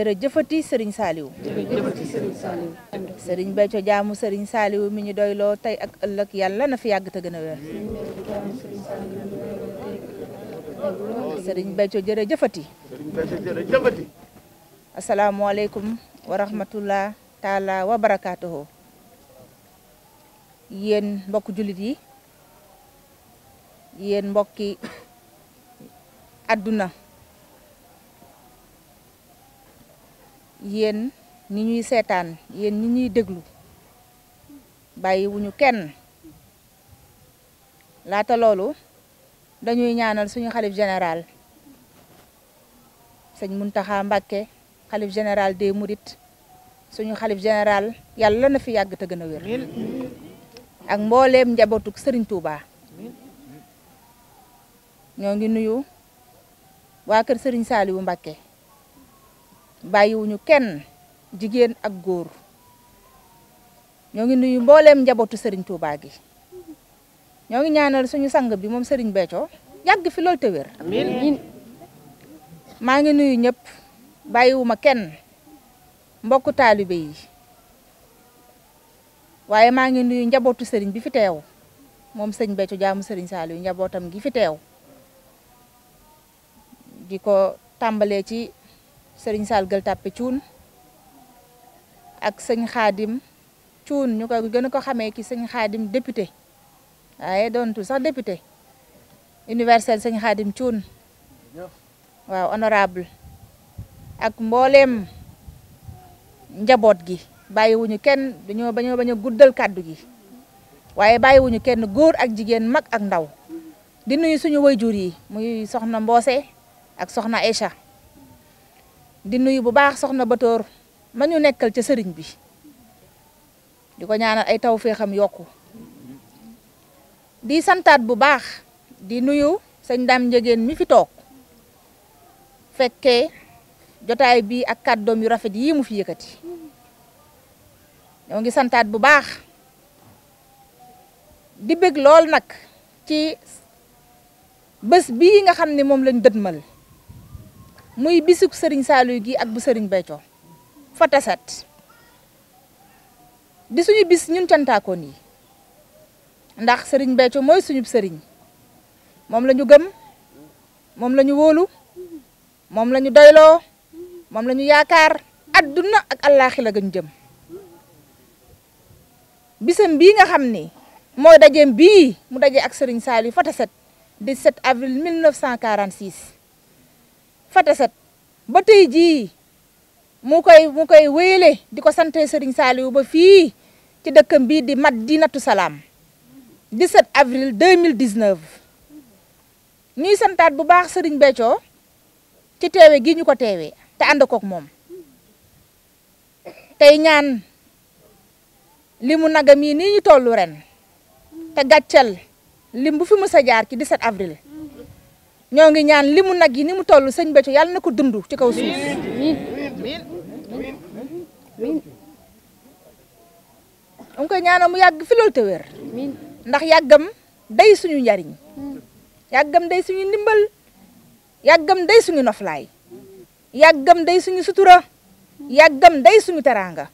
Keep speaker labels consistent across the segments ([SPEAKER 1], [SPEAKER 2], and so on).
[SPEAKER 1] jërëjëfati Serigne sëriñ jërëjëfati Serigne Saliou. Serigne Béthio jaamu Serigne Saliou mi ñu doyloo tey ak ëllëk yàlla na fi yàgg te gën a wér. Serigne Béthio jërëjëfati.
[SPEAKER 2] Serigne Béthio jërëjëfati.
[SPEAKER 1] asalaamualeykum wa wa barakaatuhu. yéen mbokk jullit yi. yéen mbokki adduna. yen ni ñuy yen yen ni ñuy bayyi wuñu kenn laata lolu dañuy ñaanal suñu khalif général señ muntaha Mbàkke khalif général des mourid suñu khalif général yalla na fi yàgg te gëna wër ak mbooleem njabootuk serigne Touba ñoo ngi nuyu wa kër serigne bàyyiwuñu kenn jigéen ak góor ñoo ngi nuyu mbooleem njabootu Serigne Touba gi ñoo ngi ñaanal suñu sang bi moom Serigne Béthio yàgg fi loolu te wér. amiin maa ngi nuyu ñëpp bàyyiwuma kenn mbokku taalibe yi waaye maa ngi nuyu njabootu Serigne bi fi teew moom sëñ Béthio jaamu Serigne Saliou njabootam gi fi teew di ko tàmbalee ci sëriñ Sall Gueule Tapée Thioune ak sëñ Xaadim Thioune ñu koy gën a ko xamee ki sëñ Xaadim député waaye doontul sax député universel sëñ Xaadim Thioune waaw honorable ak mbooleem njaboot gi bàyyiwuñu kenn dañoo bañoo bañ a guddal kàddu gi waaye bàyyiwuñu kenn góor ak jigéen mag ak ndaw di nuyu suñu wayjur yi muy soxna Mboose ak soxna Aïcha di nuyu bu baax soxna Batoor ma ñu nekkal ci sëriñ bi di ñaanal ay tawfiixam yokku di santat bu baax di nuyu señ dam Ndiéguène mi fi tok fekke jotaay bi ak kaddom yu rafet yi mu fi yëkëti ñoo ngi santat bu baax di bëgg lool nak ci bëss bi nga xamni mom lañu lañ muy bisuk serigne Saliou gi ak bu serigne Béthio fa taset di suñu bis ñun ko ni ndax serigne Béthio moy suñu serigne mom lañu gëm mom lañu wolu mom lañu yakar. mom lañu yaakar aduna ak allahi la gëñu jëm bisam bi nga xamni moy dajem bi mu dajé ak serigne Saliou fa taset 17 avril 1946 fatasat ba tay Ji, mu koy mu koy weyele di sante Serigne Saliou ba fi ci dëkkam bi di Madinatu salam 17 avril 2019 ni santat bu baax Serigne Béthio ci tewé gi ñuko tewé teewee and ko ak mom tay ñaan limu nagami ni ñu tollu ren te gatchal limbu fi mës jaar ci 17 avril ñoo ngi ñaan limu nag yi ni mu toll sëñ Béthio yàlla na ko dund ci kaw suuf am koy ñaanal mu yàgg fi loolu te wér ndax yàggam day suñu njariñ yàggam day suñu ndimbal yàggam day suñu noflaay yàggam day suñu sutura yàggam day suñu teraanga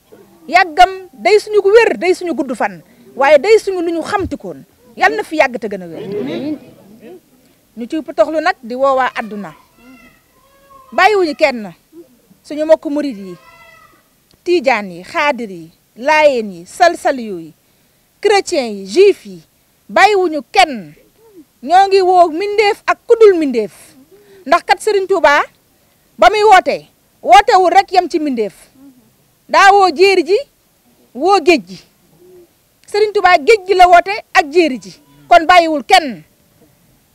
[SPEAKER 1] yàggam day suñu weer day suñu gudd fan waaye day suñu lu ñu xamtikoon yàlla na fi yàgg te gën a wér ñu ciy lu nag di woowaa àdduna bàyyiwuñu kenn suñu mbokku murit yi tiijaan yi xaadir yi laayeen yi salsaliyu yi chrétien yi juif yi bàyyiwuñu kenn ñoo ngi woo mindeef ak kudul mindeef ndax kat Serigne Touba ba muy wootee wootewul rek yam ci mindeef daa woo jéeri ji woo géej gi Serigne Touba géej gi la woote ak jéeri ji kon bàyyiwul kenn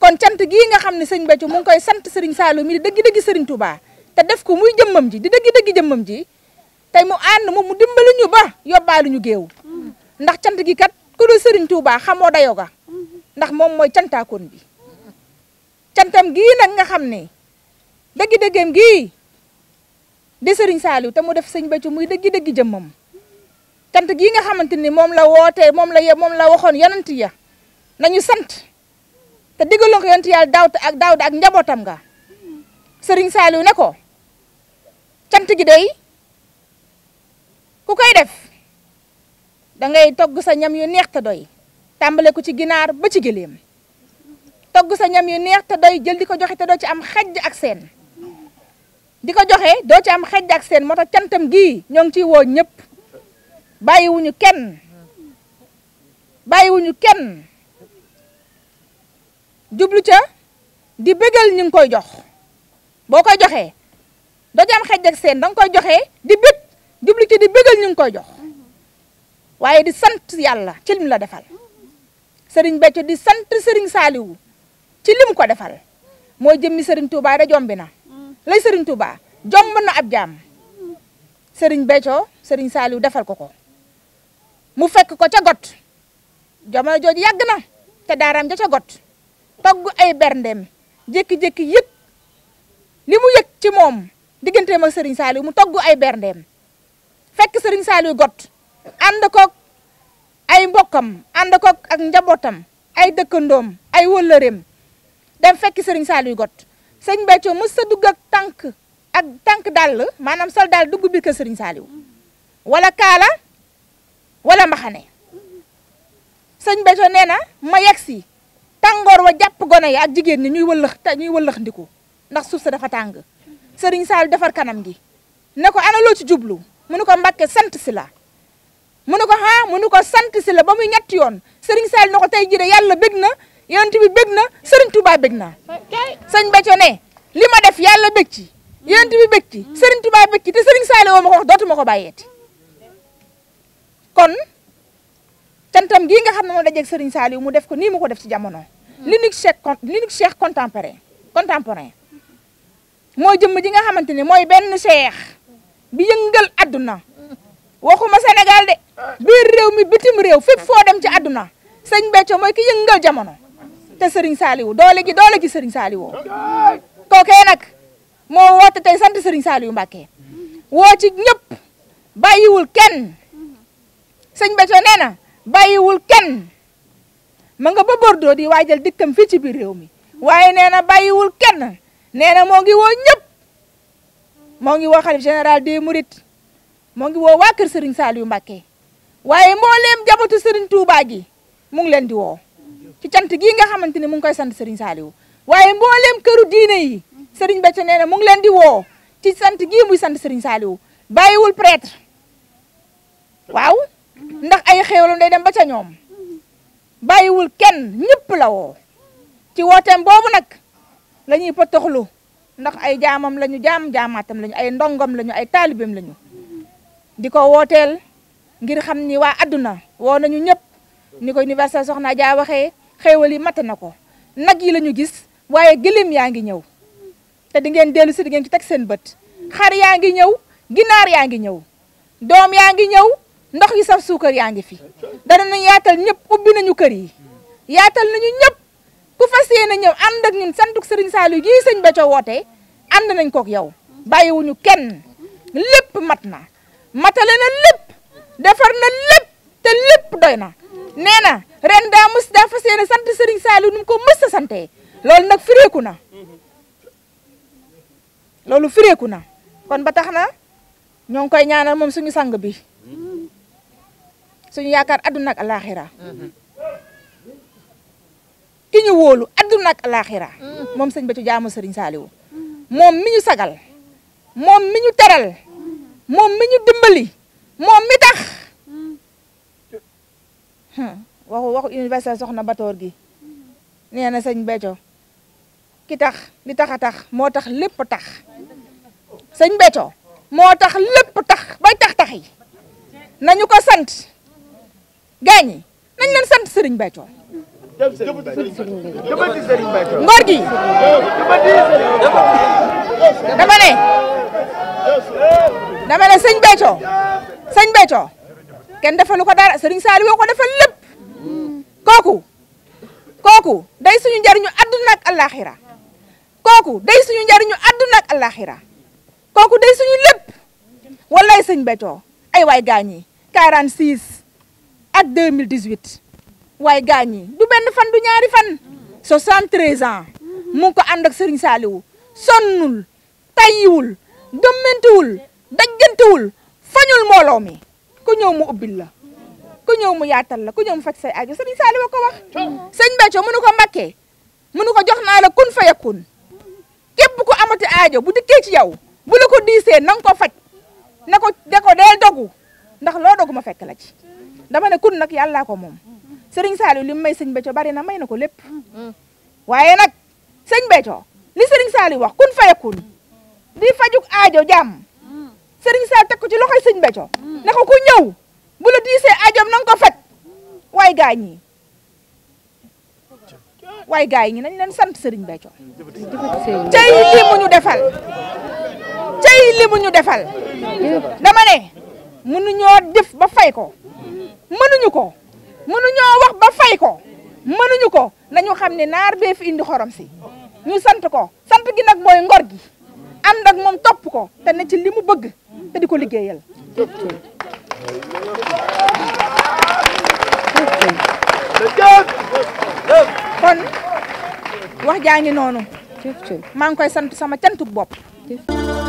[SPEAKER 1] kon cant gii nga xam ne sëñ Béthio mu koy sant sëriñ Saliou mi di dëgg-dëgg sëriñ Touba te def ko muy jëmmam ji di dëgg daggi jëmmam ji tey mu ànd moom mu dimbali ñu ba yóbbaalu ñu géew ndax cant gi kat ku dul sëriñ Touba xamoo dayoo ga ndax moom mooy cantaakoon bi cantam gii nag nga xam ne daggi dëggam gii di sëriñ Saliou te mu def sëñ Béthio muy dëgg-dëgg jëmmam cant gii nga xamante ni moom la woote moom la moom la waxoon yonent ya nañu sant te digaloon ko yonent yàlla Daawda ak Daawda ak njabootam nga sëriñ Saliou ne ko cant gi day ku koy def dangay togg sa ñam yu neex te doy tàmbale ko ci ginaar ba ci gëléem togg sa ñam yu neex te doy jël di ko joxe te doo ci am xejj ak seen di ko joxe doo ci am xejj ak seen moo tax cantam gii ñoo ngi ciy woo ñëpp bàyyiwuñu kenn bàyyiwuñu kenn jublu ca di bégal ñi ngi koy jox boo koy joxe doo am xej ak seen da nga koy joxee di bég jublu ca di bégal ñi koy jox waaye di sant yàlla ci lim la defal sëriñ Béthio di sant sëriñ Saliou ci lim ko defal mooy jëmmi sëriñ Touba da jombi na lay sëriñ Touba jomb na ab jaam sëriñ Béthio sëriñ Saliou defal ko ko mu fekk ko ca got jamono jooju yàgg na te daaraam ja ca got togg ay berndem jékki-jékki yëg li mu yëg ci moom digganteem ak Serigne Saliou mu togg ay berndem fekk Serigne Saliou got ànd koog ay mbokkam ànd koog ak njabootam ay dëkkandoom ay wëllëreem dem fekk sëriñ Saliou got sëñ Béthio mës sa dugg ak tànk ak tànk dàll maanaam sol daal dugg biir kër Serigne wala kaala wala mbaxane sëñ Béthio nee na ma yegsi tàngoor wa jàpp gone yi ak jigéen ñi ñuy wëllëx ñuy wëllëx ndiku ndax suuf sa dafa tàng sëriñ Saliou defar kanam gi ne ko ana loo ci jublu mu ne ko Mbàkke sant si la mu ko ah mu ne ko sant si la ba muy ñetti yoon sëriñ Saliou ne ko tey jii de yàlla bég na yonent bi bég na sëriñ Touba bég na sëñ Béthio ne li ma def yàlla bég ci yonent bi sëriñ Touba bég ci te sëriñ Saliou woo ma ko wax dootuma ko bàyyeeti kon cantam gii nga xam ne moo dajeeg Serigne Saliou mu def ko nii mu ko def ci jamono. Hmm. l'unique cheikh l'unique cheikh contemporain contemporain mooy jëmm ji nga xamante ne mooy benn cheikh bi yëngal adduna waxuma Sénégal de biir réew mi bitim réew fépp foo dem ci adduna sëñ Béthio mooy ki yëngal jamono te Serigne Saliou doole gi doole gi Serigne Saliou kookee nag moo woote tey sant Serigne Saliou Mbacké woo ci ñëpp bàyyiwul kenn sëñ Béthio nee na bayiwul kenn ma nga ba di wajal dikkam fi ci bir rew mi waye neena na kenn neena mo ngi wo ñep mo ngi wo khalif general de mouride mo ngi wo wa keur Serigne Saliou Mbacké waaye mbooleem jabatu Serigne Touba gi mu ngi len di wo ci tiant gi nga xamanteni mu ngi koy sante Serigne Saliou waaye mbooleem keuru diine yi Serigne becc neena mu ngi len di wo ci sant gii muy sante Serigne Saliou bayiwul prêtre waaw ndax ay xéewalam day dem ba ca ñoom bàyyiwul kenn ñëpp la woo ci nak boobu nag la ñuy potoxlu ndax ay jaamam lañu jaam jaamaatam lañu ay ndongom lañu ay taalibeem lañu di ko ngir xam ni waa àdduna nañu ñëpp ni ko soxna Dia waxee xéewal mat yi gis waaye gilim yaa ngi ñëw te di ngeen dellu si di ngeen ci teg seen xar ngi ñëw ginaar ngi ñëw doom ngi ndox yu saf suukar yaa ngi fi dana nañ yaatal ñëpp ubbi nañu kër yi yaatal nañu ñëpp ku fas yéene ñëw ànd ak ñun santuk sëriñ Saliou gii sëñ Béthio woote ànd nañ kook yow bàyyiwuñu kenn lépp mat na matale na lépp defar na lépp te lépp doy na nee na ren daa mës daa fas yéene sant sëriñ saalu nu mu ko mës a santee loolu nag fireeku na loolu fireeku na kon ba tax na ñoo ngi koy ñaanal moom suñu sang bi suñu yaakaar adduna ak alaaxira ki ñu wóolu adduna alaaxira moom sëñ Béthio jaamu sëriñ Saliou moom mi ñu sagal moom mi ñu teral moom mi ñu dimbali moom mi tax hmm. waxu waxu universel soxna Batoor gi nee na sëñ Béthio ki tax li tax a tax moo tax lépp tax sëñ Béthio moo tax lépp tax bay tax tax yi nañu ko sant gaañ yi nañ sant Serigne Béthio ngor gi dama ne dama ne sëñ Béthio sëñ Béthio kenn defalu ko dara Serigne Saliou woo ko defal lépp kooku kooku day suñu njariñu àdduna ak àllaaxira kooku day suñu njariñu àdduna ak àllaaxira kooku day suñu ay waay gaañ yi ak 2018 waaye gaañ yi du benn fan du ñaari fan 73 ans mu ngi ko ànd ak Serigne Saliou sonnul tayyiwul gëmmantiwul dajjantiwul fañul mbooloo mi ku ñëw mu ubbil la ku ñëw mu yaatal la ku ñëw mu faj say aajo Serigne Saliou ko wax sëñ Béthio mënu ko mbakkee mënu ko jox naa la kun fayakun bu ku amati aajo bu dikkee ci yow bu la ko diisee na ko faj na ko de ko deel dogu ndax loo dogu ma fekk la ci dama ne kun nag yàllaa ko moom sëriñ Saliou li mu may bari na may na ko lépp waaye nag sëñ li sëriñ Saliou wax kun fayakun di fajuk aajo jàmm sëriñ Saliou teg ko ci loxoy sëñ Béthio mm. ne ko ku ñëw bu la diisee aajoom na nga ko faj waaye gaa ñi waaye gaa yi nañ leen sant sëriñ Béthio ñu defal cay li mu ñu defal dama ne mënuñoo def ba fay ko mënuñu ko mënuñoo wax ba fay ko mënuñu ko nañu xamné nar naar indi xorom si ñu sant ko sant gi nak mooy ngor gi and ak mom top ko té na ci limu bëgg té diko liggéeyal kon wax jaangi nonu noonu koy sant sama cantuk bopp